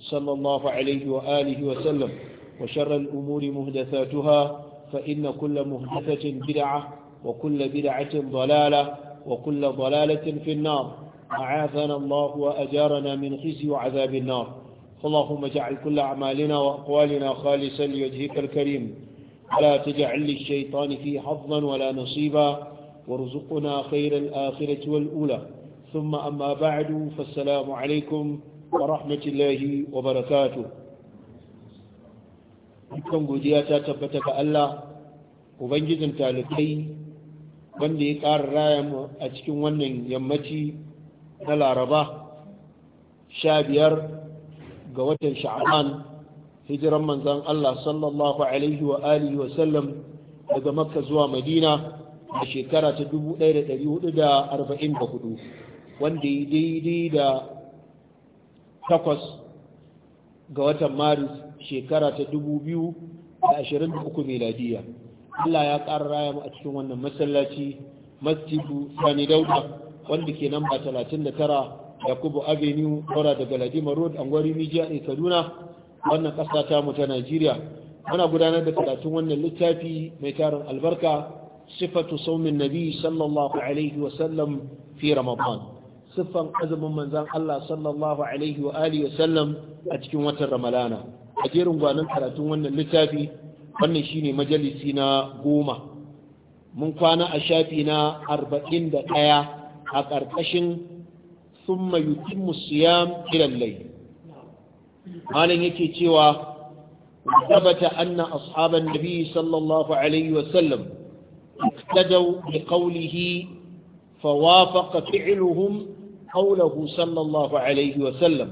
صلى الله عليه وآله وسلم وشر الأمور مهدثاتها فإن كل مهدثة بدعة وكل بدعة ضلالة وكل ضلالة في النار أعاذنا الله وأجارنا من خزي وعذاب النار فاللهم اجعل كل أعمالنا وأقوالنا خالصا لوجهك الكريم ولا تجعل للشيطان في حظا ولا نصيبا وارزقنا خير الآخرة والأولى ثم أما بعد فالسلام عليكم Wa rahmatullahi wa barakatu. dukkan godiya ta tabbata ga Allah ubangijin talibai wanda ya ƙara raya mu a cikin wannan yammaci na laraba sha biyar ga watan sha'aban hijiran manzan Allah sallallahu alaihi wa alihi wa sallam daga makka zuwa madina a shekara ta 1444 wanda ya daidai da takwas ga watan maris shekara ta dubu biyu da ashirin da uku meladiya Allah ya ƙara raya mu a cikin wannan masallaci masjidu sani dauda wanda ke nan ba talatin da tara yakubu avenue ɗora daga ladima road gwari mijiya ne kaduna wannan ƙasa ta mu ta najeriya muna gudanar da karatun wannan littafi mai tarin albarka sifatu saumin nabi sallallahu alaihi wasallam fi ramadan siffan azumin manzan Allah sallallahu alaihi wa alihi wa sallam a cikin watan Ramalana a jerin gwanin karatun wannan littafi wannan shine majalisi na goma mun kwana a shafi na arba'in da ɗaya a ƙarƙashin summa yutimmu siyam malam yake cewa ثبت أن أصحاب النبي صلى الله عليه وسلم اقتدوا بقوله فوافق فعلهم حوله صلى الله عليه وسلم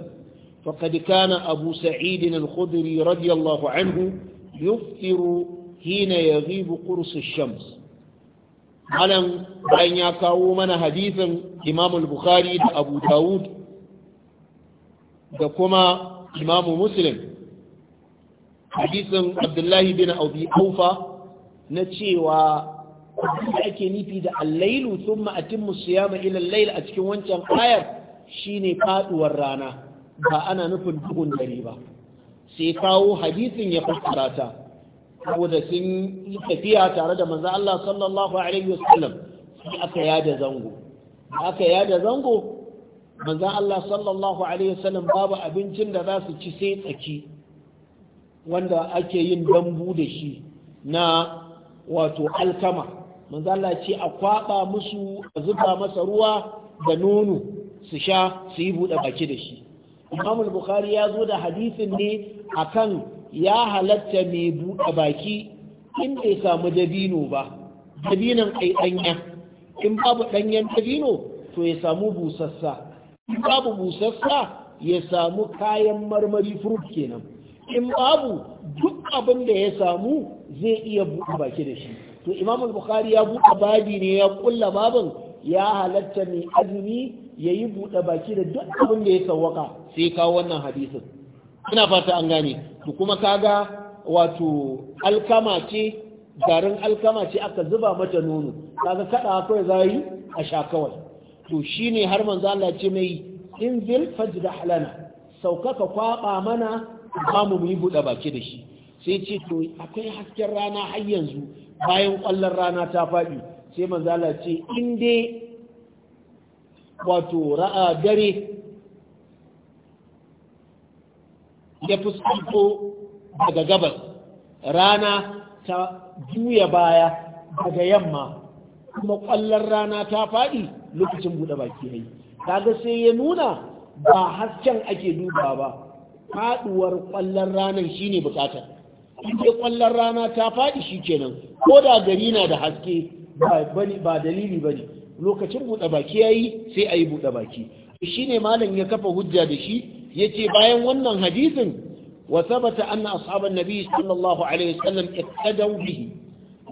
فقد كان أبو سعيد الخدري رضي الله عنه يفطر حين يغيب قرص الشمس علم بأن يكاو من حديث إمام البخاري أبو داود دكما إمام مسلم حديث عبد الله بن أبي أوفى نتشي da ake nufi da allailu sun atimmu siyama ila al a cikin wancan ayar shine faduwar rana ba ana nufin duhun dare ba sai kawo hadisin ya fassara ta saboda sun yi tafiya tare da manzo Allah sallallahu alaihi wasallam sai aka yada zango aka yada zango manzo Allah sallallahu alaihi wasallam babu abincin da za su ci sai tsaki wanda ake yin dambu da shi na wato alkama manzo Allah ce a kwaba musu a zuba masa ruwa da nono su sha su yi buɗe baki da shi Imam Bukhari ya zo da hadisin ne akan ya halatta mai buɗe baki in bai samu dabino ba dabinon ai danya in babu danyen dabino to ya samu busassa in babu busassa ya samu kayan marmari fruit kenan in babu duk abin da ya samu zai iya buɗe baki da shi to imam al-bukhari ya buɗe babi ne ya kulla babin ya halatta mai azumi ya yi buɗe baki da duk abin da ya sauwaka sai kawo wannan hadisin ina fata an gane to kuma kaga wato alkama ce garin alkama ce aka zuba mata nono kaga kada kawai za a sha kawai to shine har manzo Allah ce mai inzil da lana sauka ka kwaba mana ba mu yi buɗe baki da shi sai ce to akwai hasken rana har yanzu bayan kwallon rana ta faɗi sai manzala ce in dai wato ra'a dare ya fuskanto daga gabas rana ta juya baya daga yamma kuma kwallon rana ta faɗi lokacin buɗe baki ne kaga sai ya nuna ba hasken ake duba ba faɗuwar kwallon ranar shine bukatar ke kwallon rana ta faɗi shi kenan ko da gari na da haske ba dalili ba ne lokacin buɗe baki ya yi sai a yi buɗe baki shi ne malam ya kafa hujja da shi ya ce bayan wannan hadisin wa sabata anna ashaban nabi sallallahu alaihi wasallam iqtadaw bihi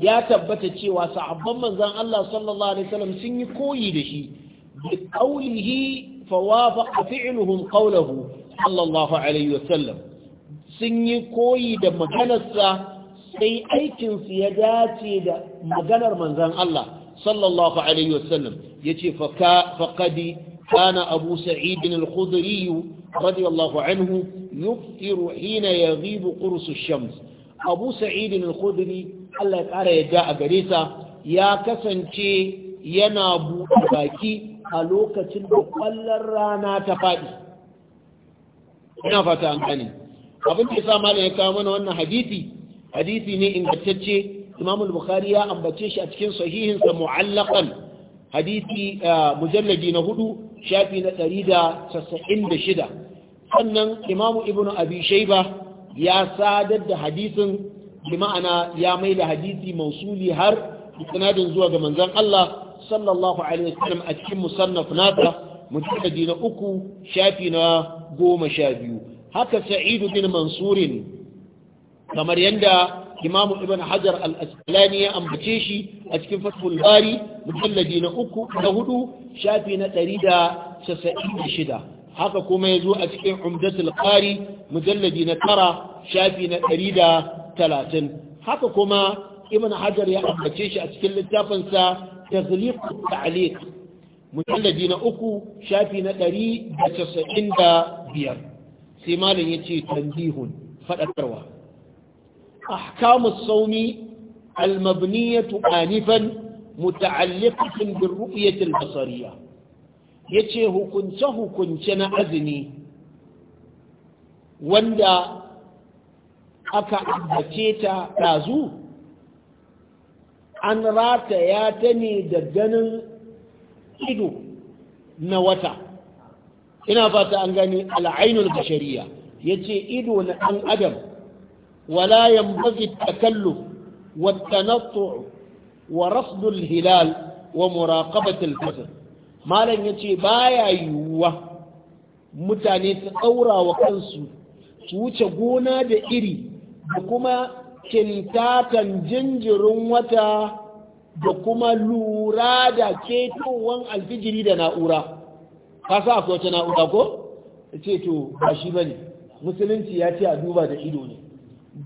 ya tabbata cewa sahabban manzon Allah sallallahu alaihi wasallam sun yi koyi da shi bi qawlihi fawafaqa fi'luhum qawlahu sallallahu alaihi wasallam sun yi koyi da maganarsa sai aikinsu ya dace da maganar manzan Allah sallallahu alaihi wasallam faqadi kana abu sa'id al-khudri radiyallahu anhu yuftiru hina yaghibu qurs ash-shams abu sa'id al-khudri Allah ya kara yadda a gare sa ya kasance yana buɗe baki a lokacin da kwallon rana ta faɗi ina fata an gane abin da yasa malam ya kawo mana wannan hadisi hadisi ne ingantacce Imam al-Bukhari ya ambace shi a cikin sahihin sa mu'allaqan hadisi mujalladi na hudu shafi na shida sannan imamu Ibn Abi shaiba ya sadar da hadisin bi ma'ana ya mai da hadisi mausuli har sanadin zuwa ga manzon Allah sallallahu alaihi wasallam a cikin musannaf nata mujalladi na uku shafi na goma sha biyu haka sa'idu bin mansurin kamar yadda imam ibn hajar al ya ambace shi a cikin fathul bari mujalladi na uku na hudu shafi na ɗari da casa'in da shida haka kuma ya zo a cikin umdatul qari mujalladi na tara shafi na ɗari da talatin haka kuma ibn hajar ya ambace shi a cikin littafinsa da ta'liq mujalladi na uku shafi na ɗari da casa'in da biyar sai malam ya ce tambihun faɗaɗarwa ahkamus saumi almabniyatu anifan muta'alliqatun birru'yati ya yace hukunce hukunce na azumi wanda aka ambace ta ɗazu an rataya ta ne da ganin ido na wata ina fata an gani al'ainul bashariya yace ido na ɗan adam wala yanbaghi wata na tanattu wa rafd hilal wa muraqabat Malam ya ce yace baya yiwuwa. mutane su saurawa wa kansu su wuce gona da iri da kuma kintatan jinjirin wata da kuma lura da ketowan alfijiri da na'ura ka sa akwai wata na'ura ko ce to ba shi ba ne musulunci ya ce a duba da ido ne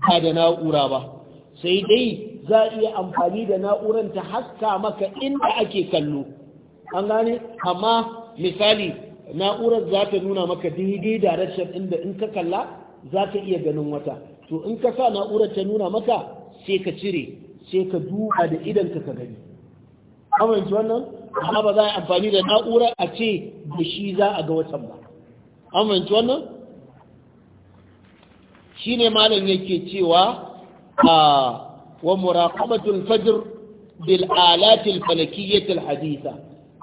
ba da na'ura ba sai dai za a iya amfani da na'uran ta haska maka inda ake kallo an gane amma misali na'urar za ta nuna maka daidai da rashin inda in ka kalla za ka iya ganin wata to in ka sa na'urar ta nuna maka sai ka cire sai ka duba da idan ka ka gani amince wannan amma ba za a amfani da na'ura a ce da shi za a ga watan ba amince wannan shi ne malam yake cewa a wa muraqabatul fajr bil alatil falakiyyatil haditha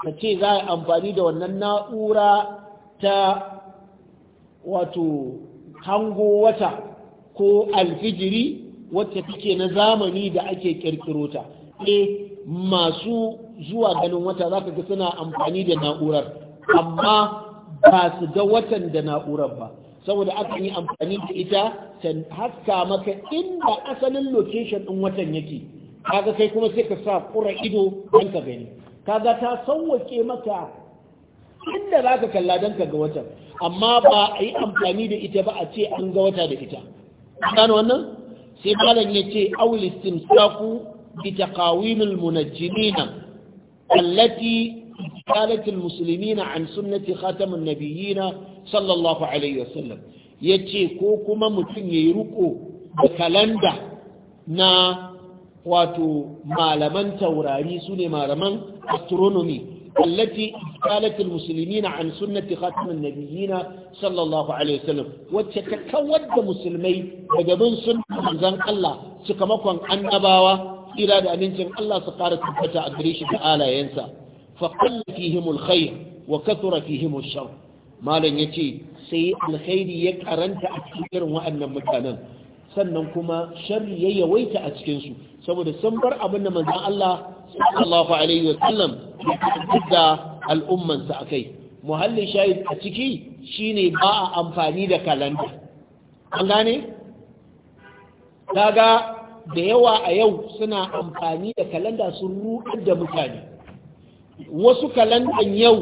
ka ce za a amfani da wannan na'ura ta wato hango wata ko alfijiri wacce take na zamani da ake kirkiro ta eh, masu zuwa ganin wata za ka ga suna amfani da na'urar amma ba su ga watan da na'urar ba saboda aka yi amfani da ita ta haska maka inda asalin location ɗin watan yake kaga kai kuma sai ka sa kura ido don ka gani kaga ta sauwake maka inda za ka kalla don ka ga watan amma ba a yi amfani da ita ba a ce an ga wata da ita gano wannan sai malam ya ce aulistin saku بتقاويم المنجمين التي قالت المسلمين عن سنة خاتم النبيين صلى الله عليه وسلم yace ko kuma mutum ya yi da kalanda na wato malaman taurari sune ne malaman astronomy allati qalat almuslimin an sunnati khatamin nabiyina sallallahu alaihi wasallam wacce ta kawar da musulmai daga bin sunnan manzon Allah sakamakon annabawa tsira da amincin Allah su ƙara tabbata a gare shi da alayensa fa qalla fihim alkhair wa kathura fihim alshar malam yace sai alkhairi ya karanta a cikin irin waɗannan mutanen sannan kuma sharri ya yawaita a cikin su saboda sun bar abin da manzon Allah sallallahu alaihi wa sallam da al'umman sa akai muhallin shahid a ciki shine ba a amfani da kalanda an gane kaga da yawa a yau suna amfani da kalanda sun ruɗar da mutane wasu kalandan yau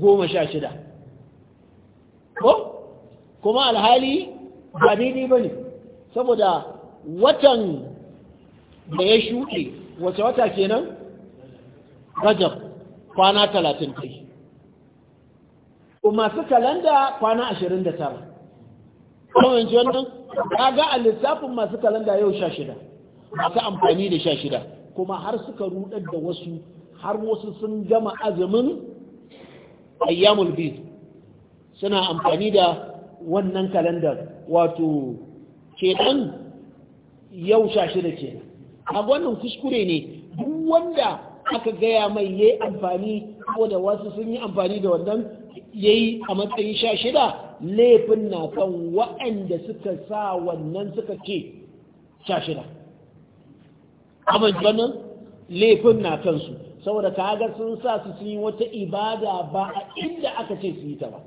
goma sha shida ko kuma alhali ba daidai ba ne saboda watan da ya shuɗe wace wata kenan rajab kwana talatin kai masu kalanda kwana ashirin da tara kawai ji wannan ga a lissafin masu kalanda yau sha shida masu amfani da sha shida kuma har suka rudar da wasu har wasu sun gama azumin ayyamul bid suna amfani da wannan kalandar wato kenan yau sha shida ce a wannan kuskure ne duk wanda aka gaya mai ya yi amfani ko da wasu sun yi amfani da wannan ya yi a matsayin sha shida laifin na kan waɗanda suka sa wannan suka ce sha shida abin ganin laifin na kansu saboda kaga sun sa su sun yi wata ibada ba a inda aka ce su yi ta ba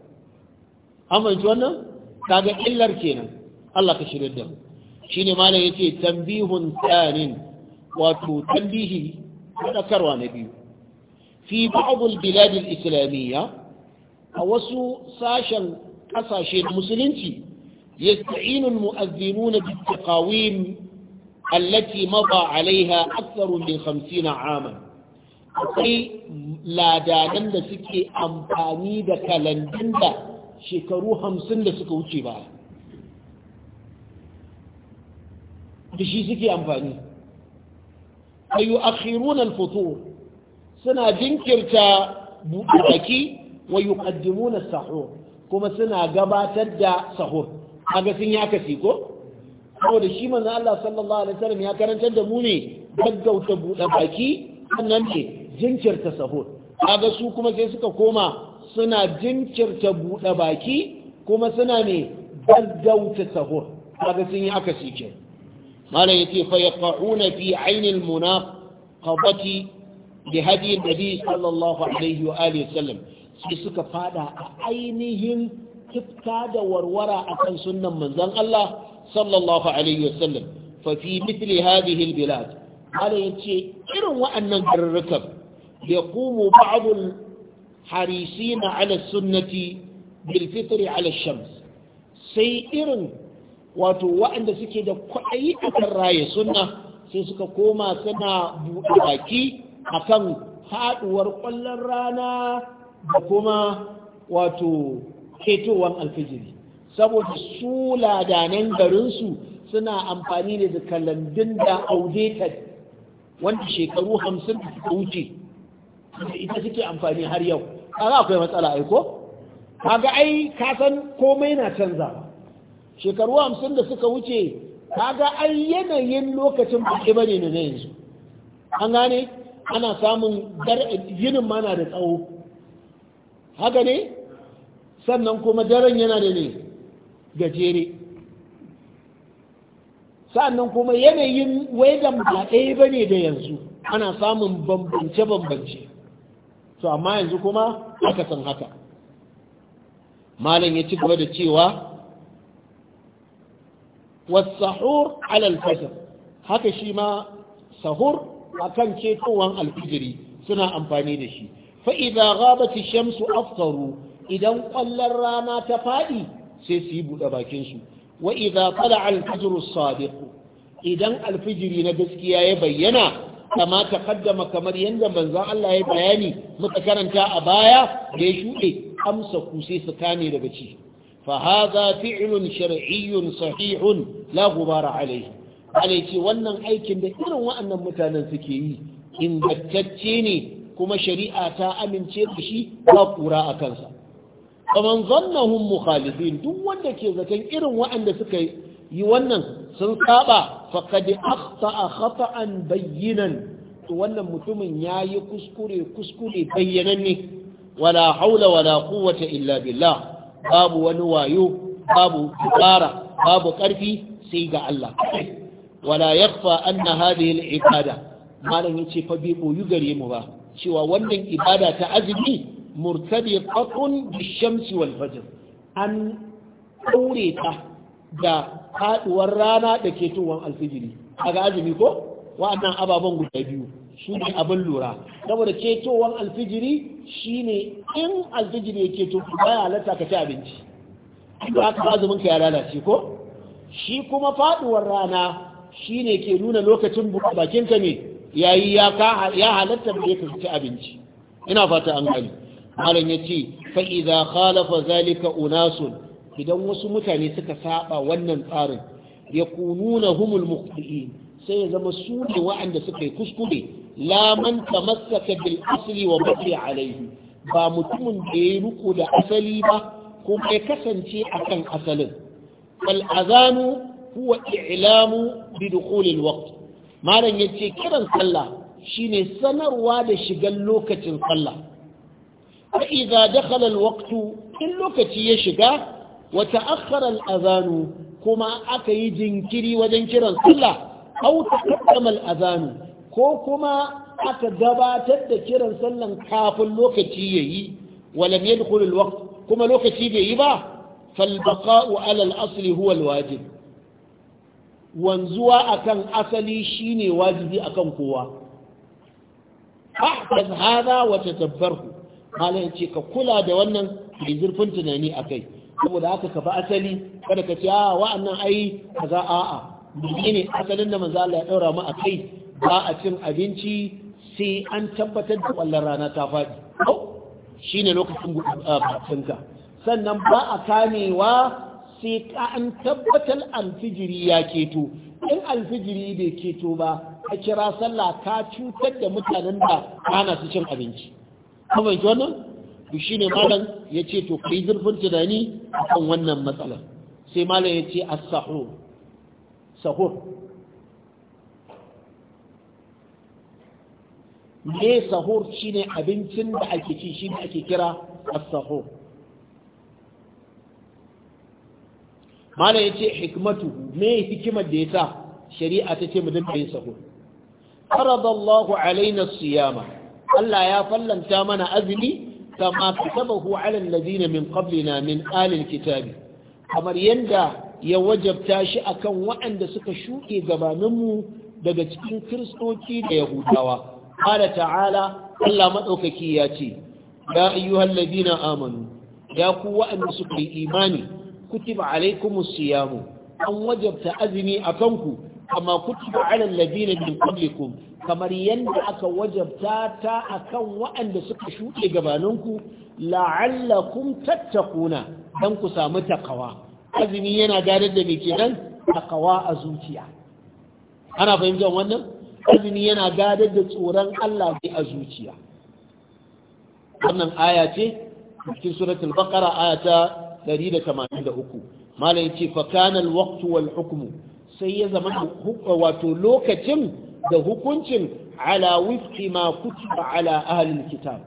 amince wannan kaga illar kenan Allah ka shirya da mu shine malam yace tambihun tsanin wato tambihi fadakarwa na biyu fi ba'd al-bilad al-islamiyya a wasu sashen kasashe musulunci yasta'inu al-mu'adhdhinuna bi allati maba alaiha aktsaru min 50 aman akwai ladanan da suke amfani da kalandun shekaru hamsin da suka wuce ba da shi suke amfani ayu akhirun al-futur suna jinkirta buɗe baki wa yuqaddimuna as-sahur kuma suna gabatar da sahur Agasin sun ko saboda shi manzo Allah sallallahu alaihi wasallam ya karantar da mu ne gaggauta buɗe baki sannan ne jinkirta sahur kaga su kuma sai suka koma suna jinkirta buɗe baki kuma suna ne gaggauta sahur kaga sun yi aka sike malam yace fa yaqauna fi ainil munaqabati bi hadi nabi sallallahu alaihi wa alihi wasallam sai suka fada a ainihin tifta da warwara akan sunnan manzon Allah صلى الله عليه وسلم ففي مثل هذه البلاد قال ينتي إرن وأن الركب يقوم بعض الحريصين على السنة بالفطر على الشمس sai irin wato waɗanda suke da kwaɗayi a kan raye suna sai suka koma suna buɗe baki akan kan haɗuwar ƙwallon rana da kuma wato ketowar alfijiri saboda su ladanan garinsu suna amfani da kalandun da outdated wanda shekaru hamsin da suka wuce ita suke amfani har yau kaga akwai matsala ai ko kaga ai ka san komai na canza, shekaru hamsin da suka wuce kaga ai yanayin lokacin ba bane ne na yanzu an gane ana samun yinin mana da tsawo haka ne sannan kuma daren yana da ne gajere sa'annan kuma yanayin wedan ba ɗaya ba ne da yanzu ana samun bambance-bambance to amma yanzu kuma aka san haka malam ya ci gaba da cewa wasahur alal fasr haka shi ma sahur akan cetowan alfijiri suna amfani da shi fa idza ghabati shamsu afkaru idan kwallon rana ta fadi sai su yi buɗe bakinsu wa idza tala alfijiru fajr idan alfijiri na gaskiya ya bayyana kama kaddama kamar yadda manzon Allah ya bayani muka karanta a baya da ya shuɗe amsa ku sai su kame daga ci fa hadha fi'lun shar'iyyun sahihun la ghubara alayhi alai wannan aikin da irin wa'annan mutanen suke yi ingantacce ne kuma shari'a ta amince da shi ba kura a kansa kaman zannahum mukhalifin duk wanda ke zaton irin waɗanda suka yi wannan sun saba faqad akhta'a khata'an bayyinan to wannan mutumin yayi kuskure kuskure bayyananne wala haula wala quwwata illa billah babu wani wayo babu tsara babu karfi sai ga Allah wala yakhfa anna hadhihi al-ibada malan yace fa bi boyu gare mu ba cewa wannan ibada ta azumi murtabiqatun bishamsi wal fajr an daure ta da faduwar rana da ketowar alfijiri kaga azumi ko wa'annan ababen guda biyu su ne abin lura saboda ketowar alfijiri shine in alfijiri ya keto baya halatta ka ci abinci to aka azumin ka ya lalace ko shi kuma faduwar rana shine ke nuna lokacin bakin ka ne yayi ya halatta ka ya ci abinci ina fata an gani malam ya ce fa'iza khalafa zalika unasun idan wasu mutane suka saba wannan tsarin ya kununa humul mukhti'in sai ya zama su ne wa'anda suka yi kuskure laman tamassaka bil asali wa baqi alaihi ba mutumin da ya ruku da asali ba kuma ya kasance akan asalin fal azanu huwa i'lamu bi dukhul waqt malam yace kiran sallah shine sanarwa da shigan lokacin sallah fa'iza dakhala alwaqtu in lokaci ya shiga wa ta'akhkhara azanu kuma aka yi jinkiri wajen kiran sallah aw taqaddama al'azanu ko kuma aka gabatar da kiran sallar kafin lokaci yayi walam yadkhul alwaqt kuma lokaci bai yi ba fal alal ala al-asli huwa alwajib wanzuwa akan asali shine wajibi akan kowa ahfaz hadha wa tadabbarhu malam ya ce ka kula da wannan mai zurfin tunani a kai saboda haka ka fi asali kada ka ce a wa'annan ai kaza a'a ne asalin da manzo Allah ya daura mu a kai ba a cin abinci sai an tabbatar da kwallon rana ta faɗi shi ne lokacin batunka sannan ba a kamewa sai an tabbatar alfijiri ya keto in alfijiri bai keto ba a kira sallah ka cutar da mutanen da ana su cin abinci kawai shi wannan to shi ne malam ya ce to kai zurfin tunani a kan wannan matsalar sai malam ya ce a sahur sahur ne sahur shi ne abincin da ake ci shi da ake kira a sahur malam ya ce hikmatu me hikimar da ya sa shari'a ta ce mu dinka yin sahur farada Allahu alaina siyama Allah ya fallanta mana azumi kama katabahu ala alladhina min qablina min alil kitabi kamar yanda ya wajabta shi akan waɗanda suka shuke gabaninmu daga cikin kiristoci da yahudawa qala ta'ala Allah madaukaki ya ce ya ayyuhal ladina amanu ya ku waɗanda suka yi imani kutiba alaikumus siyamu an wajabta azumi akan ku kama kutiba ala alladhina min qablikum kamar yadda aka wajabta ta akan waɗanda suka shuɗe gabaninku la'allakum tattakuna don ku samu takawa azumi yana gadar da mai kenan takawa a zuciya ana fahimtar wannan azumi yana gadar da tsoron Allah ne a zuciya wannan aya ce cikin suratul baqara aya ta 183 malai ce fa kana al wal hukmu sai ya zama wato lokacin da hukuncin ala wifki ma ba ala ahalin kitab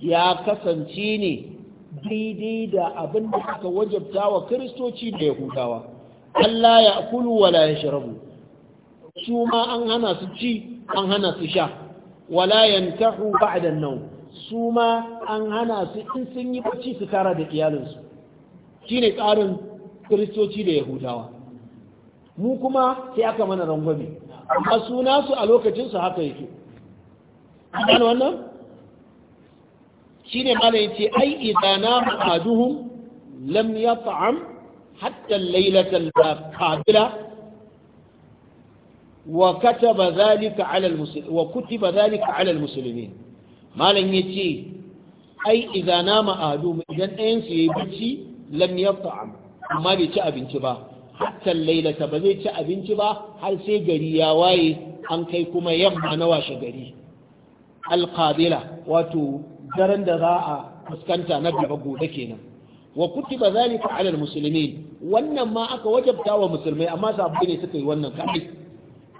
ya kasance ne daidai da abin da aka wajabta wa kiristoci da yahudawa Allah ya kulu wala ya shirabu su ma an hana su ci an hana su sha wala yantahu ba an su ma an hana su in sun yi bacci su tara da iyalinsu shine tsarin kiristoci da yahudawa mu kuma sai aka mana rangwame amma suna su a lokacinsu haka yake ɗan wannan Shi shine mala ce, ai idana aduhum lam yat'am hatta al da al wa kuti ba ala al-muslimin wa kutiba dhalika ala al ai idana aduhum idan ɗayan ya yi bacci lam yat'am amma bai ci abinci ba hatta lailata ba zai ci abinci ba har sai gari ya waye an kai kuma yamma na washe gari alqabila wato daren da za a fuskanta na gaba gobe kenan wa kutiba zalika ala almuslimin wannan ma aka wajabta wa musulmai amma sabbi ne suka yi wannan kai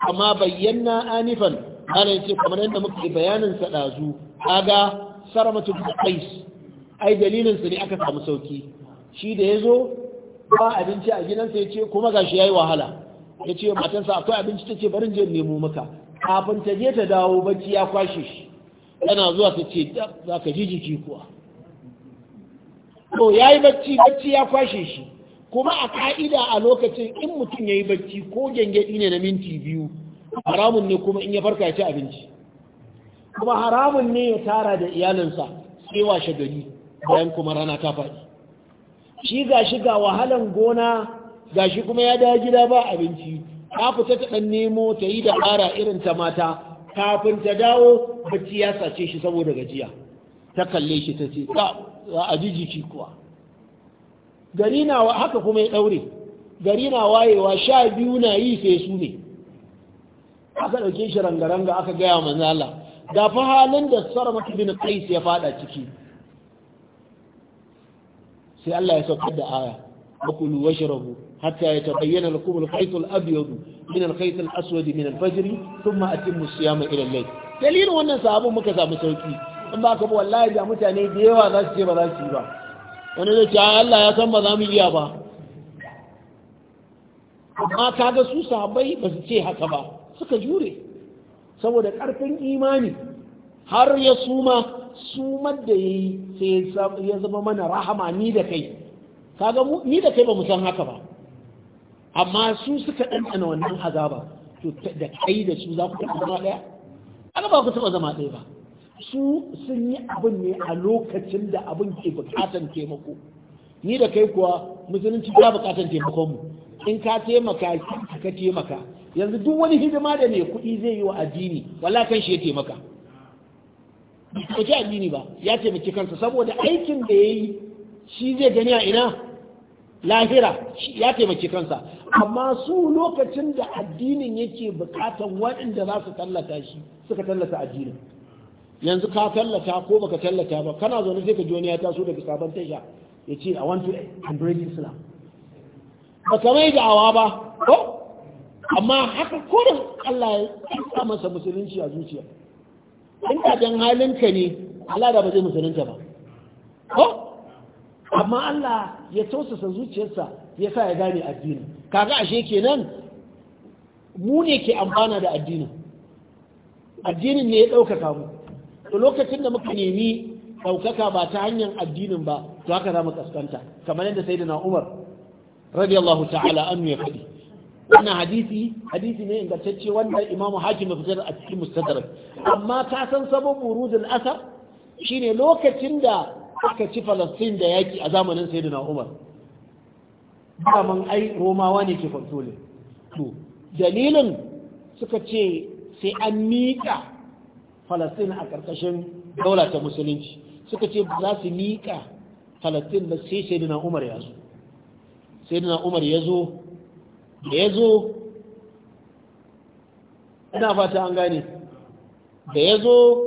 amma bayyana anifan ana yace kamar yadda muka yi bayanin sa dazu kaga saramatu qais ai dalilin su ne aka samu sauki shi da yazo ba abinci a gidansa ya ce kuma shi ya yi wahala ya ce matansa akwai abinci ta ce barin je nemo maka kafin ta je ta dawo bacci ya kwashe shi yana zuwa ta ce za ka ji jiki kuwa to ya yi bacci bacci ya kwashe shi kuma a ka'ida a lokacin in mutum ya yi bacci ko gyangyaɗi ne na minti biyu haramun ne kuma in ya farka ya ci abinci kuma haramun ne ya tara da iyalinsa sai washe gari bayan kuma rana ta faɗi shi ga shi ga wahalan gona ga shi kuma ya dawo gida ba abinci ta fita ta dan nemo ta yi da ƙara irin ta mata kafin ta dawo bacci ya sace shi saboda gajiya ta kalle shi ta ce za a ji jiki kuwa gari na haka kuma ya daure gari na wayewa sha biyu na yi sai su ne aka ɗauke shi rangaranga aka gaya manzala ga fa halin da sarmatu bin qais ya fada ciki sai Allah ya saukar da aya akulu washrabu hatta yatabayyana lakum al-khayt al-abyad min al-khayt al-aswad min al-fajr thumma atimmu siyama ila al-layl dalilin wannan sahabin muka samu sauki in ba ka ba wallahi da mutane da yawa za su je ba za su yi ba wani zai ce Allah ya san ba za mu iya ba amma kaga su sahabbai ba su ce haka ba suka jure saboda ƙarfin imani har ya suma sumar da yi sai ya zama mana rahama ni da kai kaga ni da kai ba mu san haka ba amma su suka ɗanɗana wannan azaba to da kai da su za ku taɓa zama ɗaya ana ba ku taɓa zama ɗaya ba su sun yi abin ne a lokacin da abin ke bukatan taimako ni da kai kuwa musulunci ba bukatan taimakon mu in ka taimaka ka taimaka yanzu duk wani hidima da mai kuɗi zai yi wa addini wala kan shi ya taimaka bai addini ba ya taimaki kansa saboda aikin da ya yi shi zai gani a ina lahira ya taimaki kansa amma su lokacin da addinin yake bukatan waɗanda za su tallata shi suka tallata addinin yanzu ka tallata ko baka tallata ba kana zaune sai ka ji wani ya taso daga sabon tasha ya ce a want to islam ba ka mai da'awa ba ko amma haka kodin allah ya sa masa musulunci a zuciya in da halin ka ne Allah da ba zai musulunta ba ko amma Allah ya tausasa zuciyarsa ya sa ya gane addini kaga ashe kenan mu ne ke amfana da addini addinin ne ya ɗaukaka mu to lokacin da muka nemi ɗaukaka ba ta hanyar addinin ba to haka za mu kaskanta kamar yadda sai umar radiyallahu ta'ala annu ya faɗi wannan hadisi hadisi ne ingantacce wanda imam hakim fitar a cikin mustadrak amma ka san sabon burudul asar shine lokacin da aka ci falastin da yaki a zamanin sayyidina umar daman ai romawa ne ke to dalilin suka ce sai an miƙa falastin a ƙarƙashin daula musulunci suka ce za su miƙa falastin da sai sayyidina umar ya zo sayyidina umar ya zo da ya zo ina fata an gane da ya zo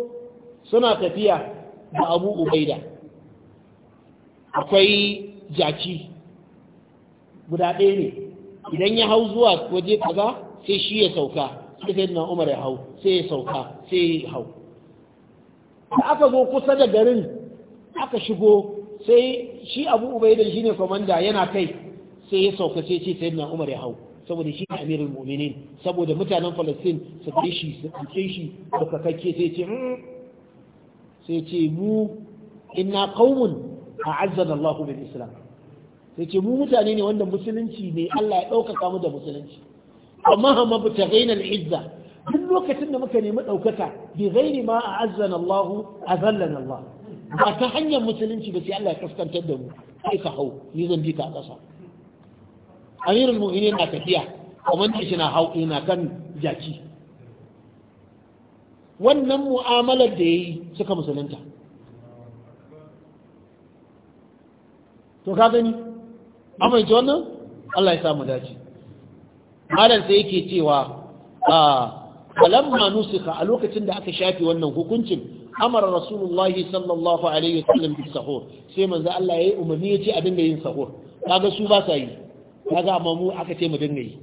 suna tafiya da abu ubaida akwai jaki guda ɗaya ne idan ya hau zuwa waje kaza sai shi ya sauka sai sai na umar ya hau sai ya sauka sai ya hau da aka zo kusa da garin aka shigo sai shi abu ubaida shi ne kwamanda yana kai sai ya sauka sai ce na umar ya hau saboda shi ne amirul mu'minin saboda mutanen falastin su kai shi su ɗauke shi sai ce hmm. sai ce mu inna qaumun a'azzana Allahu bil islam sai ce mu mutane ne wanda musulunci ne Allah ya ɗaukaka mu da musulunci amma hama bu ta gaina duk lokacin da muka nemi ɗaukaka bi raini ma a azzan Allah a Allah ba ta hanyar musulunci ba sai Allah ya kaskantar da mu sai ka hau zan bi ka ƙasa amirul mu'minin na tafiya kwamandan shi na hau na kan jaki wannan mu'amalar da ya yi suka musulunta to ka gani ji wannan Allah ya samu dace malam sai yake cewa a falamma nusika a lokacin da aka shafi wannan hukuncin amara rasulullah sallallahu alaihi wasallam bi sahur sai manzo Allah ya yi umarni ya ce abin da yin sahur kaga su ba sa yi kaga amma mu aka ce mu dinga yi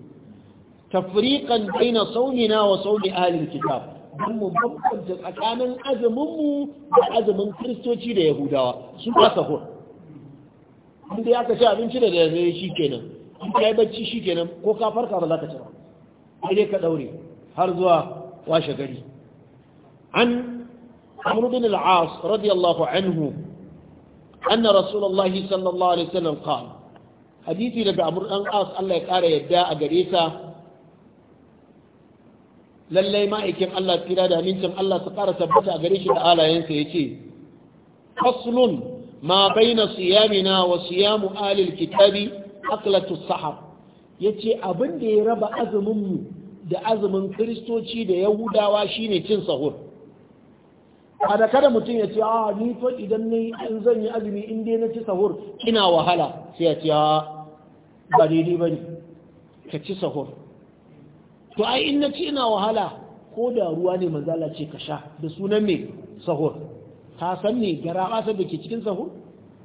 tafriqan baina sawmina wa sawmi ahli kitab dan mu bambanta tsakanin azumin mu da azumin kristoci da yahudawa su ba sahur inda aka ce abinci da dare shi kenan in kai bacci shi kenan ko ka farka ba za ka ci ba sai dai ka daure har zuwa washe gari an amr bin al-as radiyallahu anhu anna rasulullahi sallallahu alaihi wasallam qala hadisi daga amur dan as Allah ya kara yadda a gare sa lallai ma'aikin Allah tsira da amincin Allah su kara tabbata a gare shi da alayensa ya ce. faslun ma baina siyamina wa siyamu alil kitabi aklatu ya ce abin da ya raba azumin mu da azumin kiristoci da yahudawa shine cin sahur a da kada mutum ya ce a ah, ni fa idan zan yi azumi in dai na ci sahur ina wahala sai ya ce a ah, ba daidai ba ne ka ci sahur to ai in na ci ina wahala ko da ruwa ne manzala ce ka sha da sunan mai sahur ka san ne gara basar da ke cikin sahur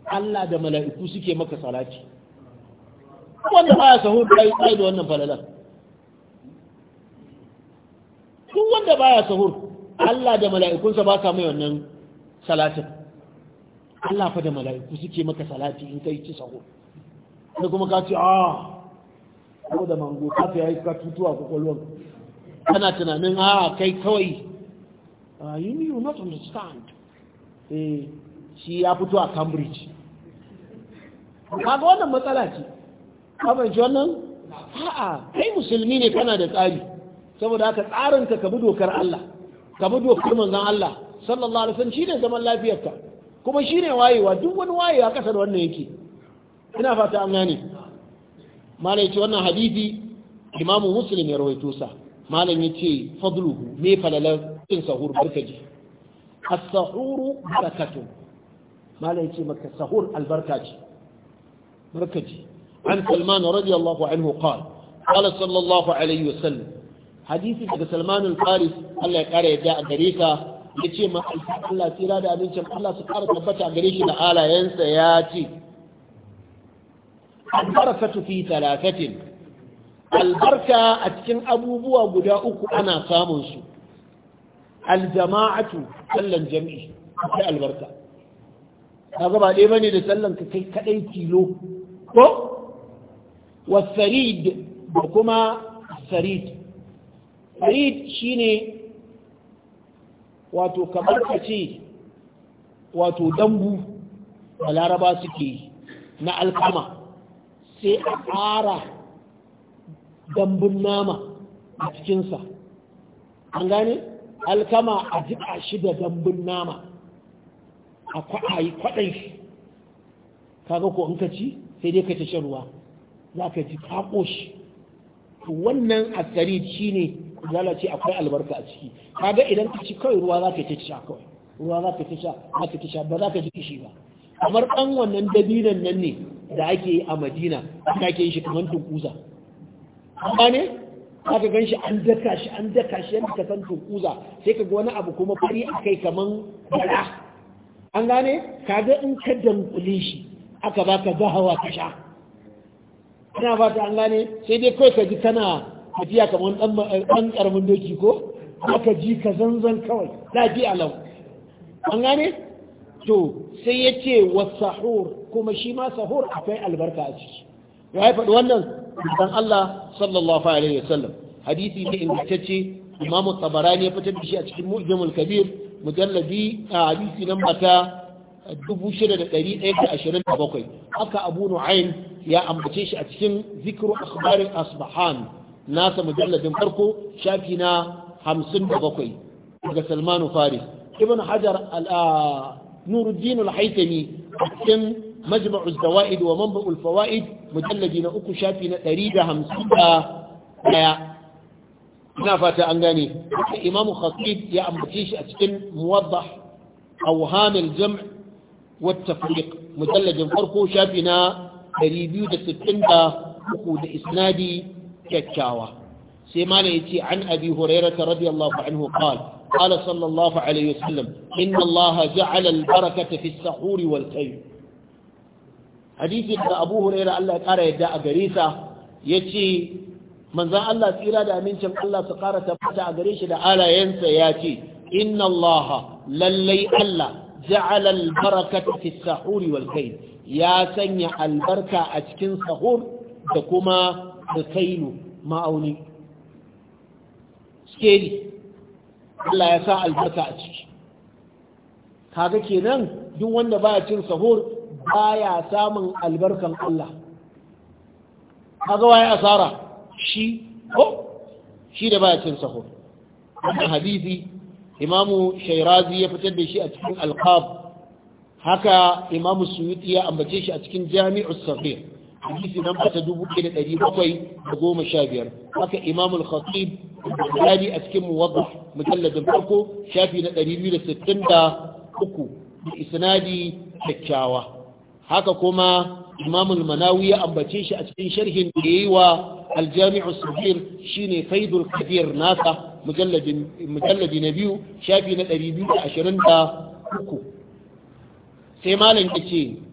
Allah da mala'iku suke maka salati wanda ba ya sahur ba yi da wannan falalar duk wanda baya sahur Allah da mala'ikunsa ba sa mai wannan salatin Allah fa da mala'iku suke maka salati in kai ci sahur sai kuma ka ce aaa ah, ko da mango ka ya yi ka tutuwa kwakwalwar kana tunanin a ah, kai kawai ah, you you not understand eh shi ya fito a cambridge kaga wannan matsala ce kamar wannan a'a kai musulmi ne kana da tsari saboda haka tsarinka ka bi dokar Allah ka bi dokar manzan Allah sallallahu alaihi wasallam shine zaman lafiyarka kuma shine wayewa duk wani wayewa kasar wannan yake ina fata an gane malai ce wannan hadithi imamu muslim ya rawaito sa malam ya ce fadluhu me falalar cin sahur barka ji as-sahuru barakatun malam ce maka sahur albarka ji barka ji an salman radiyallahu anhu qala qala sallallahu alaihi wa wasallam hadisi daga salman al-faris Allah ya kare ya a gare ka yace ma Allah tira da abincin Allah su kara tabbata gare shi da alayensa ya ce albarkatu fi talafatin albarka a cikin abubuwa guda uku ana samun su aljama'atu sallan jami'i sai albarka ka gaba ɗaya bane da sallan ka kai kadai tilo ko wasarid da kuma sarid sarid shine wato kamar ka ce wato dambu da laraba suke na alkama sai a ƙara dambun nama a cikinsa an gane alkama a jiƙa shi da dambun nama a yi kwaɗayi. shi kaga ko in ka ci sai dai ka ci shan ruwa za ka ji kaƙo shi wannan asari shi ne lalace akwai albarka a ciki kaga idan ka ci kawai ruwa za ka ta sha kawai ruwa za ka ci ta sha ba za ka ji kishi ba kamar ɗan wannan dabinan nan ne da ake yi a madina da ake yi shi kamar tunkuza amma ne aka gan shi an daka shi an daka shi yadda ka san tunkuza sai ka ga wani abu kuma fari a kai kamar gara an gane ka ga in ka dankule shi aka ka zahawa ka sha ina ba ta an gane sai dai kawai ka ji tana tafiya kamar eh, ɗan ƙaramin doki ko aka ji ka zanzan kawai lafiya lau an gane to sai ya ce wasahur kuma shi ma sahur akwai albarka a ciki ya haifar wannan dan Allah sallallahu alaihi wasallam hadisi ne ingantacce imam tabarani ya fitar da shi a cikin mu'jamul kabir mujalladi a hadisi namba ta 6127 haka abu nu'ayn ya ambace shi a cikin zikru akhbarin asbahan nasa mujalladin farko shafi na 57 daga salmanu faris ibn hajar al nuruddin al-haytami a cikin majma'u zawaid wa manba'ul fawaid mujalladi na uku shafi a 151 ina fata an gane imam khatib ya ambace shi a cikin muwaddah awham al-jam' wa at-tafriq mujalladin farko shafi na 263 da isnadi kyakkyawa sai malam yace an abi hurairah radiyallahu anhu qala قال صلى الله عليه وسلم إن الله جعل البركة في السحور والخير حديث أبو هريرة الله تعالى يدعى قريسة يتي من ذا الله تيرا دا أمين شم الله تقارة تبتع قريشة دا آلا ينسى ياتي إن الله للي ألا جعل البركة في السحور والخير يا سنع البركة أتكن سحور تكما الخيل ما أوني سكيري Allah ya sa albarka a ciki kaga kenan duk wanda ba cin sahur baya samun albarkan Allah kaga waye asara shi ko shi da baya cin sahur wannan hadisi Imam shairazi ya fitar da shi a cikin alqab haka Imam suyuti ya ambace shi a cikin jami'us Saghir. hadisi nan ba dubu ɗaya da ɗari bakwai da goma sha biyar haka imam al-khatib gadi a cikin muwadda mujalladin farko shafi na ɗari biyu da sittin da uku da isnadi kyakkyawa haka kuma imam al-manawi ya ambace shi a cikin sharhin da ya yi wa al-jami' as-sabir shine faidul kadir nasa mujalladin mujalladi na biyu shafi na ɗari biyu da ashirin da uku sai malam yace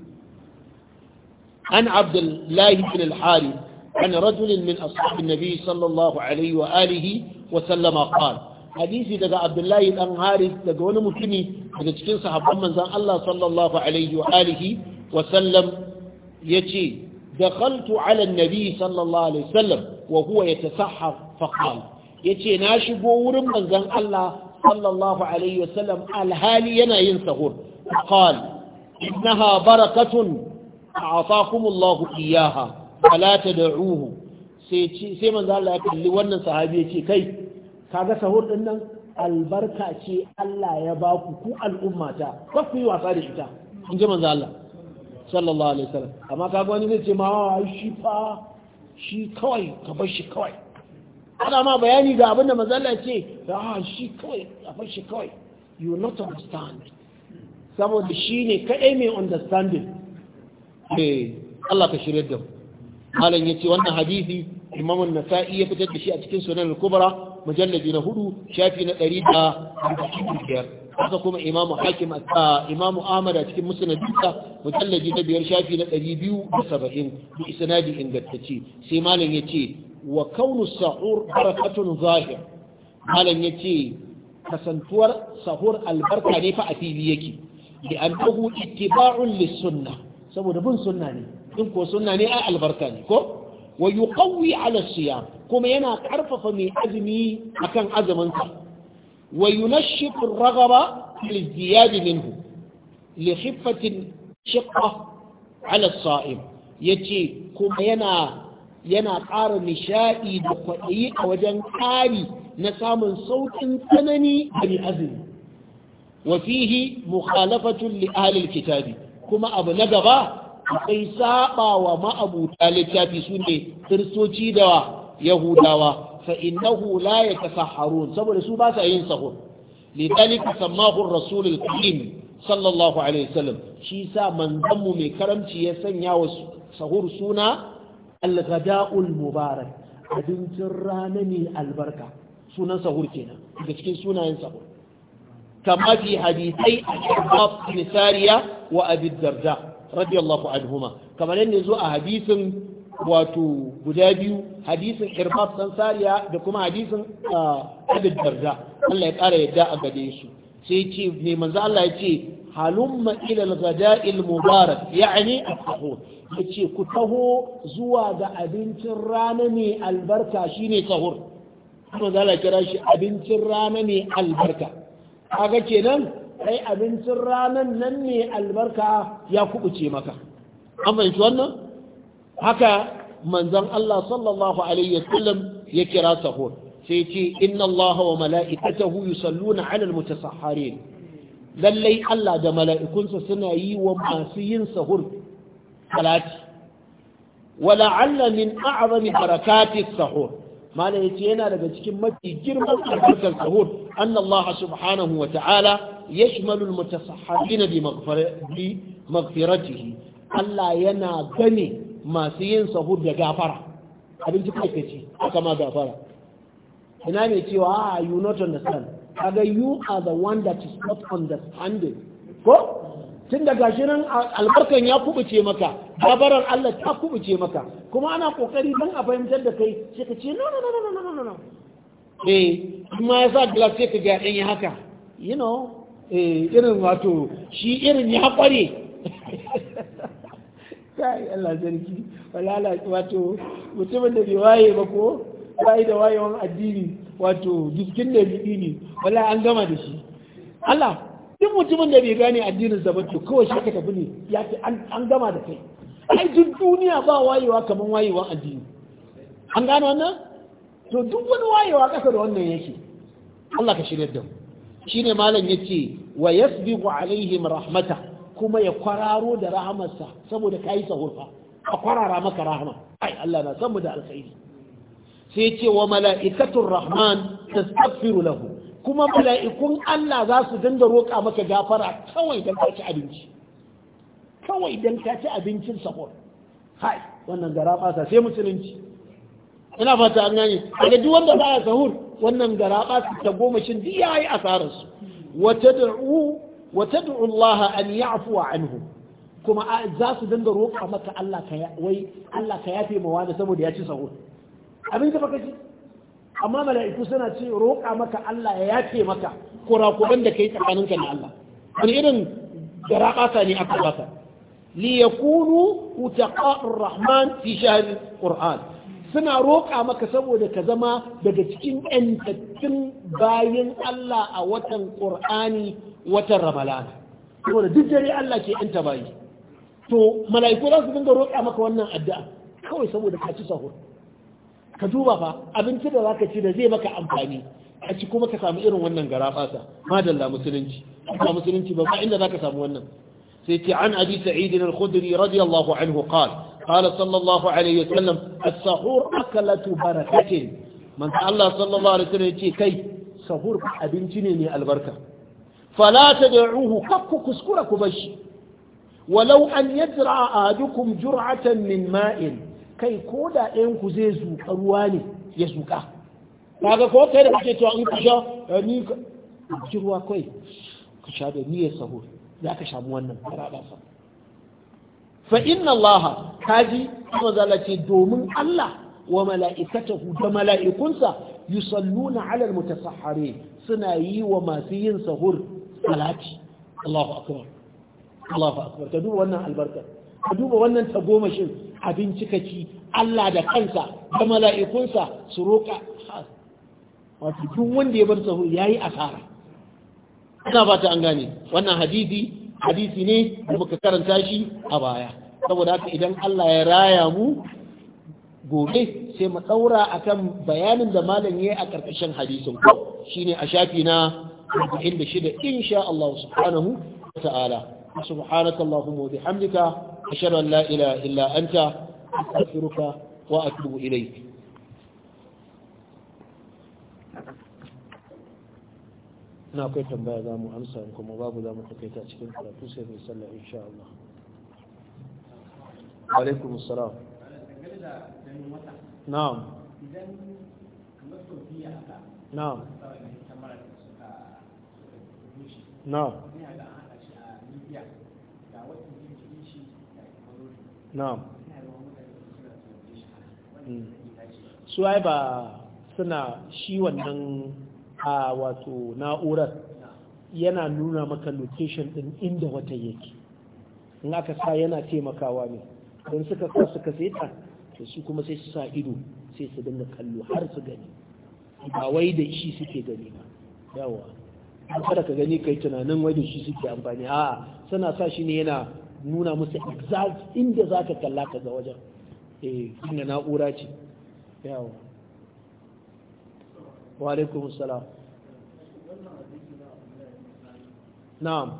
عن عبد الله بن الحارث عن رجل من أصحاب النبي صلى الله عليه وآله وسلم قال حديثي دقى عبد الله الأنهاري دقى ونمتني دقى تكين صحابة من ذا الله صلى الله عليه وآله وسلم يتي دخلت على النبي صلى الله عليه وسلم وهو يتسحر فقال يتي ناشب ورم من ذا الله صلى الله عليه وسلم الهالي ينا ينسهر فقال إنها بركة a'atakumullahu iyaha fala tad'uhu sai ce sai manzo Allah ya kalli wannan sahabi ya ce kai kaga sahur din nan albarka ce Allah ya baku ku al'ummata ba ku yi wasa da ita in ji manzo Allah sallallahu alaihi wasallam amma kaga wani zai ce ma shi fa shi kawai ka bar shi kawai ana ma bayani ga abin da manzo Allah ya ce ah shi kawai ka bar shi kawai you not understand saboda shi ne kaɗai mai understanding eh Allah ka shirye da mu malam ce wannan hadisi Imam an-Nasa'i ya fitar da shi a cikin Sunan al-Kubra mujalladi na 4 shafi na 155 haka kuma Imam Hakim Imam Ahmad a cikin Musnad dinsa mujalladi na 5 shafi na 270 bi isnadi ingantacce sai malam ya ce, wa kaunu sa'ur barakatun zahir malam ya ce, kasantuwar sahur albarka ne fa a fili yake li annahu ittiba'un lis-sunnah saboda bin sunna ne in ko sunna ne ai albarka ne ko wa yuqawwi ala siyam kuma yana karfafa mai azumi akan azumin sa wa yunashshifu ar-raghaba li ziyad minhu li khiffati shiqqa ala as-sa'im yace kuma yana yana ƙara nishaɗi da kwaɗayi a wajen ƙari na samun sauƙin tsanani da mai azumi wa fihi mukhalafatun li ahlil kitabi kuma abu na gaba akwai saba wa ma'abuta littafi su ne kiristoci da yahudawa fa innahu la saboda su ba sa yin sahur lidalika sammahu ar-rasul karim sallallahu alaihi wasallam shi sa manzon mu mai karamci ya sanya wa sahur suna al-ghada'ul mubarak abincin rana ne albarka sunan sahur kenan daga cikin sunayen sahur كما في حديثي عباس بن سارية وأبي الدرداء رضي الله عنهما كما ننزو حديث wato guda biyu hadisin irbab Sariya da kuma hadisin abin darda Allah ya ƙara yadda a gade su sai ce ne manzo Allah ya ce halumma ila al-ghada'il mubarak ya'ni at-tahur yace ku taho zuwa ga abincin rana ne albarka shine sahur kuma zala kira shi abincin rana ne albarka kaga kenan kai abincin ranan nan ne albarka ya kubuce maka an fahimci wannan haka manzon Allah sallallahu alaihi wasallam ya kira sahur sai ce inna Allah wa mala'ikatahu yusalluna 'ala al-mutasahharin lallai Allah da mala'ikunsa suna yi wa masu yin sahur salati wala'alla min a'azami barakati sahur malam yace yana daga cikin mafi girman albarkar sahur أن الله سبحانه وتعالى يشمل المتصحفين بمغفرته ألا ينا غني ما سين سهود غافرة abin ji kai kace aka ma gafara ina cewa you not understand kaga you are the one that is not understanding ko tun da gashi albarkan ya kubuce maka gabarar Allah ta kubuce maka kuma ana kokari don a fahimtar da kai sai ka ce no no no no no no no eh kuma ya sa glass sai ka ga ɗanyi haka you know eh irin wato shi irin ya kware kai Allah zarki walala wato mutumin da bai waye ba ko bai da wayewan addini wato jikin da bibi ne wala an gama da shi Allah duk mutumin da bai gane addinin sa ba to kawai shi ka tafi ne ya ce an gama da kai ai duk duniya ba wayewa kaman wayewan addini an gano wannan to duk wani wayewa ƙasa da wannan yake Allah ka shirya da mu shine malam yace wa yasbiqu alaihim rahmata kuma ya kwararo da rahamarsa saboda kai sahur fa a kwarara maka rahama ai Allah na san mu da alkhairi sai yace wa mala'ikatur rahman tastaghfiru lahu kuma mala'ikun Allah za su dinga roƙa maka gafara kawai dan ka ci abinci kawai dan ka ci abincin sahur hai wannan gara sai musulunci ina fata an gane daga duk wanda baya sahur wannan garaba ta goma shin duk yayi asarar su wa tad'u wa tad'u Allah an ya'fu anhu kuma za su dinga roƙa maka Allah ka wai Allah ka yafe mawa wani saboda ya ci sahur abin da baka ji. amma mala'iku suna ce roƙa maka Allah ya yafe maka kurakuran da kai tsakaninka da Allah wani irin ka ne aka baka li yakunu utaqa'ur rahman fi qur'an suna roƙa maka saboda ka zama daga cikin ‘yantattun bayan Allah a watan ƙur'ani watan Ramadana. Saboda duk dare Allah ke ‘yanta bayi. To, mala'iku za su dinga roƙa maka wannan addu'a kawai saboda ka ci sahur. Ka duba fa abinci da za ka ci da zai maka amfani. A ci kuma ka samu irin wannan gara fasa, madalla musulunci. Ba musulunci ba, ba inda za ka samu wannan. Sai ce an abi sa'idin al-Khudri radiyallahu anhu qala قال صلى الله عليه وسلم السحور أكلة بركة من الله صلى الله عليه وسلم يتي كي سحور أبنتني البركة فلا تدعوه كك كسكرك بشي ولو أن يزرع أحدكم جرعة من ماء kai ko da ɗayanku zai zuƙa ruwa ne ya zuƙa kaga ko kai da kake cewa in ka sha ni ka ji ruwa kai ka sha da niyyar sahur za ka samu wannan karaɗa sa fa inna Allah kaji kuma zala ce domin Allah wa mala'ikatahu da mala'ikunsa yusalluna ala almutasahharin suna yi wa masu yin sahur salati Allahu akbar Allahu akbar ka duba wannan albarka ka duba wannan tagomashin abinci kaci Allah da kansa da mala'ikunsa su roka wato duk wanda ya bar sahur yayi asara ina ba ta an gane wannan hadisi hadisi ne da muka karanta shi a baya saboda haka idan Allah ya raya mu gobe sai mu daura akan bayanin da malam yayi a karkashin hadisin ko shine a shafi na 46 insha Allah subhanahu wa ta'ala subhanaka allahumma wa bihamdika ashhadu an la ilaha illa anta astaghfiruka wa atubu ilayk Ina akwai tambaya za mu amsa kuma babu za mu cikin karatu sai mai sallah sha Allah alaikum assalam na'am na'am na'am na'am hmm. su ai ba suna shi wannan a wato na'urar yana nuna maka location din inda wata yake in aka sa yana taimakawa ne don suka sa suka seta to su kuma sai su sa ido sai su dinga kallo har su gani ba wai da shi suke gani ba yawa kada ka gani kai tunanin wai da shi suke amfani a sana sa shi ne yana nuna musu exact inda zaka kalla ka ga wajen eh inda na'ura ce yawa wa السلام نعم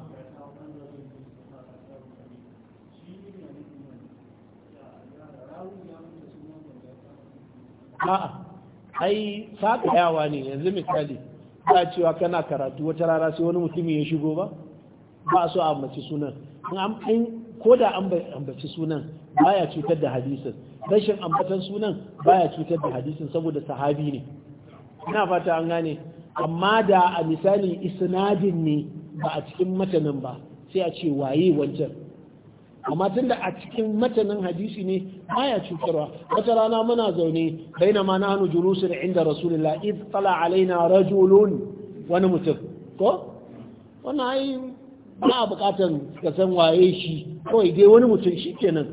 a'a ai yawa ne yanzu misali ba cewa kana karatu wata rana sai wani mutumin ya shigo ba ba so a mace sunan in ko da an ambaci sunan baya cutar da hadisin rashin ambatan sunan baya cutar da hadisin saboda sahabi ne ina fata an gane amma da a misali isnadin ne ba a cikin matanin ba sai a ce waye wancan amma tunda a cikin matanin hadisi ne baya cutarwa wata rana muna zaune baina ma nahnu da inda rasulullah id tala alaina rajulun wani mutum ko wannan ai ba a bukatan ka san waye shi kawai dai wani mutum shi shikenan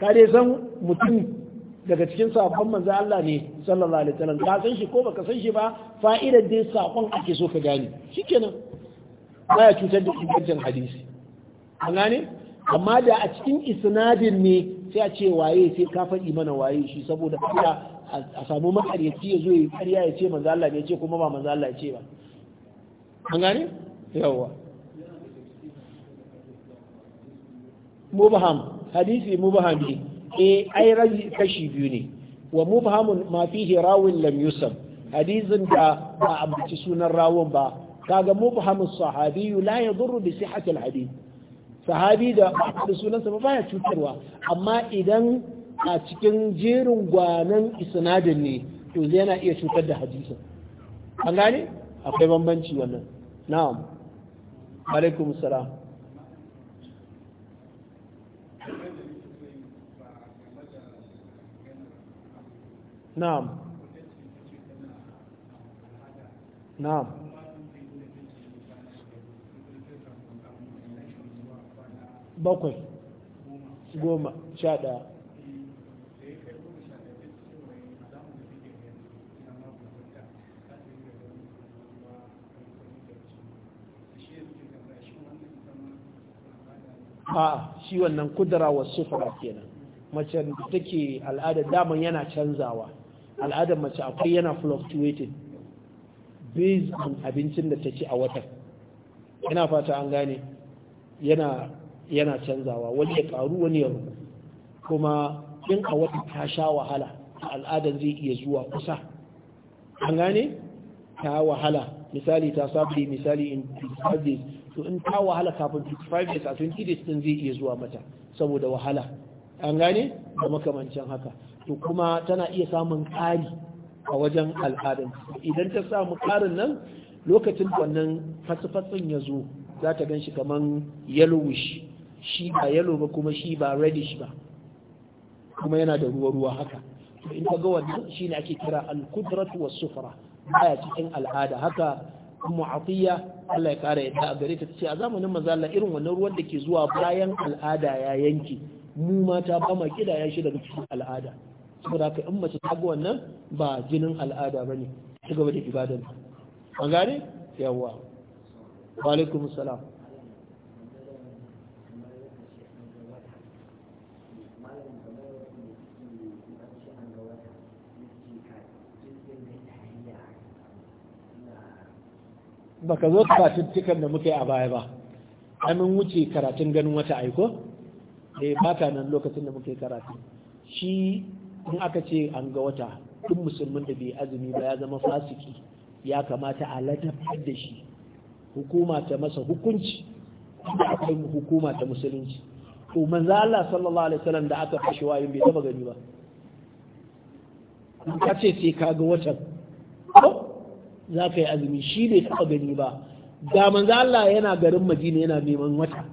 ka dai san mutum daga cikin sabon manzo Allah ne sallallahu alaihi wasallam ka san shi ko baka san shi ba fa'idar dai sakon ake so ka gane shikenan baya cutar da ingancin hadisi an gane amma da a cikin isnadin ne sai a ce waye sai ka faɗi mana waye shi saboda kada a samu makaryaci ya zo ya karya ya ce manzo Allah ne ya ce kuma ba manzo Allah ya ce ba an gane yawa mubaham hadisi mubaham ne eh ai raji kashi biyu ne wa mubhamun ma fihi rawin lam yusam hadisin da ba a ambaci sunan rawun ba kaga mubhamun sahabi la yadurru bi sihhati alhadith sahabi da sunan sunansa ba baya cutarwa amma idan a cikin jerin gwanan isnadin ne to zai yana iya cutar da hadisin an gane akwai bambanci wannan na'am alaikum assalam na'am na'am bakwai goma a shi wannan kudura wasu fara kenan Macen da take al'adar daman yana canzawa al'adar mace akwai yana fluctuating based on abincin da ta ci a watan yana fata an gane yana yana canzawa wani ya karu wani ya rubu kuma in a wata ta sha wahala al'adar zai iya zuwa kusa an gane ta wahala misali ta sabi misali in 25 days to in ta wahala kafin 25 days a 20 days din zai iya zuwa mata saboda wahala an gane da makamancin haka to kuma tana iya samun ƙari a wajen al'adun idan ta samu ƙarin nan lokacin wannan fasfatsun ya zo za ta gan shi kamar yellowish shi ba yellow ba kuma shi ba reddish ba kuma yana da ruwa-ruwa haka to in ka ga wannan shi ne ake kira al-kudratu was sufra baya cikin al'ada haka ummu atiya Allah ya kara yadda a gare ta ce a zamanin manzo Allah irin wannan ruwan da ke zuwa bayan al'ada ya yanke mu mata ba ma kidaya shi daga cikin al'ada saboda ka in mace ta ga wannan ba jinin al'ada ba ne ci gaba da ibadar an gane yawwa wa alaikum salam baka zo karatuttukan da muke a baya ba amin wuce karatun ganin wata aiko da eh, ba ta nan lokacin da muke karatu shi in aka ce an ga wata duk musulmin da bai azumi ba ya zama fasiki ya kamata a ladabar da shi hukuma ta masa hukunci akwai hukuma ta musulunci to manzo Allah sallallahu alaihi wasallam da aka fashi wayin bai taba gani ba in ka ce sai ka ga watan za ka yi azumi shi bai taba gani ba ga manzo Allah yana garin Madina yana neman wata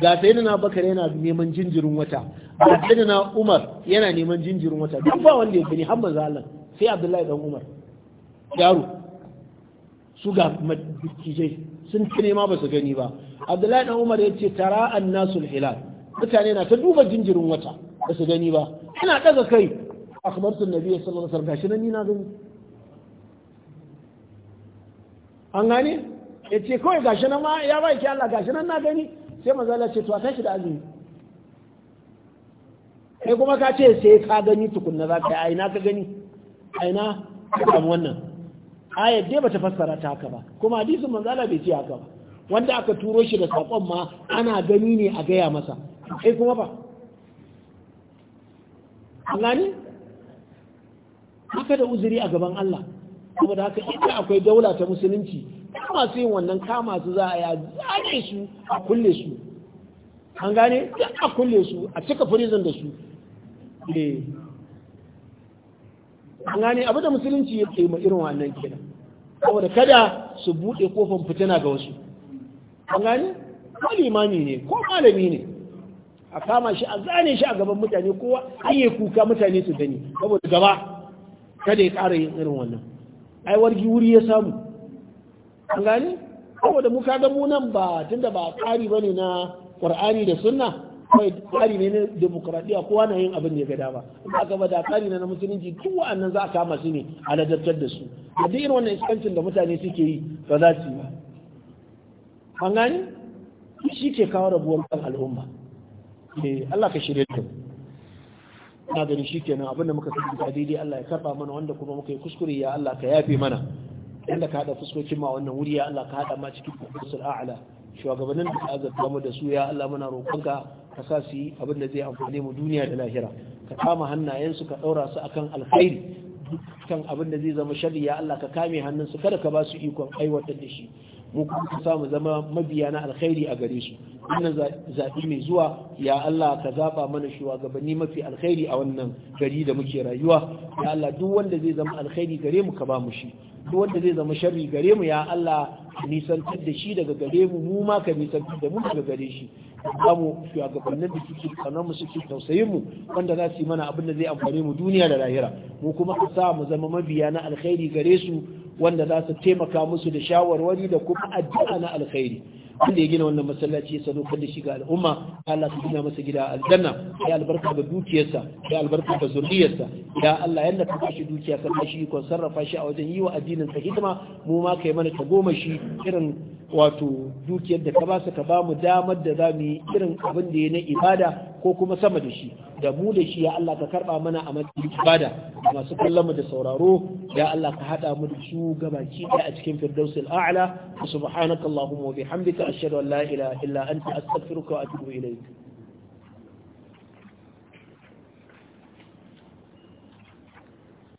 ga sayyidina Abubakar yana neman jinjirin wata da na Umar yana neman jinjirin wata duk ba wanda ya gani har manzo sai Abdullahi dan Umar yaro su ga mattijai sun fi nema ba su gani ba Abdullahi dan Umar ya ce tara nasu hilal mutane na ta duba jinjirin wata ba su gani ba ina daga kai a kamar annabi sallallahu alaihi wasallam gashi nan ni na gani an ya ce kawai gashi nan ma ya ba ki Allah gashi nan na gani sai manzo ce to a tashi da azumi kai kuma ka ce sai ka gani tukunna za ka yi aina ka gani aina ka samu wannan yadda dai bata fassara ta haka ba kuma hadisin manza Allah bai ce haka ba wanda aka turo shi da sakon ma ana gani ne a gaya masa kai kuma ba an gani haka da uzuri a gaban Allah Kuma da haka ita akwai daula ta musulunci kama su yin wannan kama su za a yi zane su a kulle su an gane a kulle su a cika prison da su Eh. an gane abu da musulunci ya ma irin wannan kenan saboda kada su buɗe kofin fitina ga wasu an gane ko limami ne ko malami ne a kama shi a zane shi a gaban mutane kowa an yi kuka mutane su gani saboda gaba kada ya ƙara yin irin wannan ai wargi wuri ya samu an gane saboda muka ga mu nan ba tunda ba ƙari bane na Qur'ani da Sunna kawai tsari ne na demokradiyya kowa na yin abin da ya ga dama in aka ba da tsari na musulunci duk wa'annan za a kama su ne a ladabtar da su da duk irin wannan iskancin da mutane suke yi ba za su yi ba an gani shi ke kawo rabuwar kan al'umma eh Allah ka shirya ta na gani shi kenan nan abinda muka ta daidai Allah ya karba mana wanda kuma muka yi kuskure ya Allah ka yafe mana yadda ka haɗa fuskokin ma wannan wuri ya Allah ka haɗa ma cikin kusur a'ala shugabannin da ta azabta mu da su ya Allah muna roƙonka ka sa su yi abin da zai amfani mu duniya da lahira ka kama hannayensu ka ɗaura su akan alkhairi kan abin da zai zama shar'i ya Allah ka kame hannunsu kada ka ba su ikon aiwatar da shi mu kuma ka samu zama mabiya na alkhairi a gare su wannan zaɓi mai zuwa ya Allah ka zaɓa mana shugabanni mafi alkhairi a wannan gari da muke rayuwa ya Allah duk wanda zai zama alkhairi gare mu ka ba mu shi duk wanda zai zama sharri gare mu ya Allah nisantar da shi daga gare mu mu ma ka nisantar da mu daga gare shi za mu shugabannin da suke kanar mu suke tausayin mu wanda za su yi mana abin da zai amfane mu duniya da lahira mu kuma ka sa mu zama mabiya na alkhairi gare su wanda za su taimaka musu da shawarwari da kuma addu'a na alkhairi wanda ya gina wannan masallaci ya sadaukar da shi ga al'umma Allah su gina masa gida aljanna ya albarka ga dukiyarsa ya albarka ga zuriyarsa ya Allah yanda ka kashi dukiya ka kashi, ikon sarrafa shi a wajen yi wa addinin sa hidima mu ma kai mana ta goma shi irin wato dukiyar da ka basu ka ba mu damar da za mu yi irin abin da ya na ibada ko kuma sama da shi da mu da shi ya Allah ka karba mana a matsayin ibada masu kallon da sauraro ya Allah ka hada mu da su gabaki ɗaya a cikin firdausul a'la subhanakallahumma wa bihamdika ashhadu an la ilaha illa anta astaghfiruka wa atubu ilayk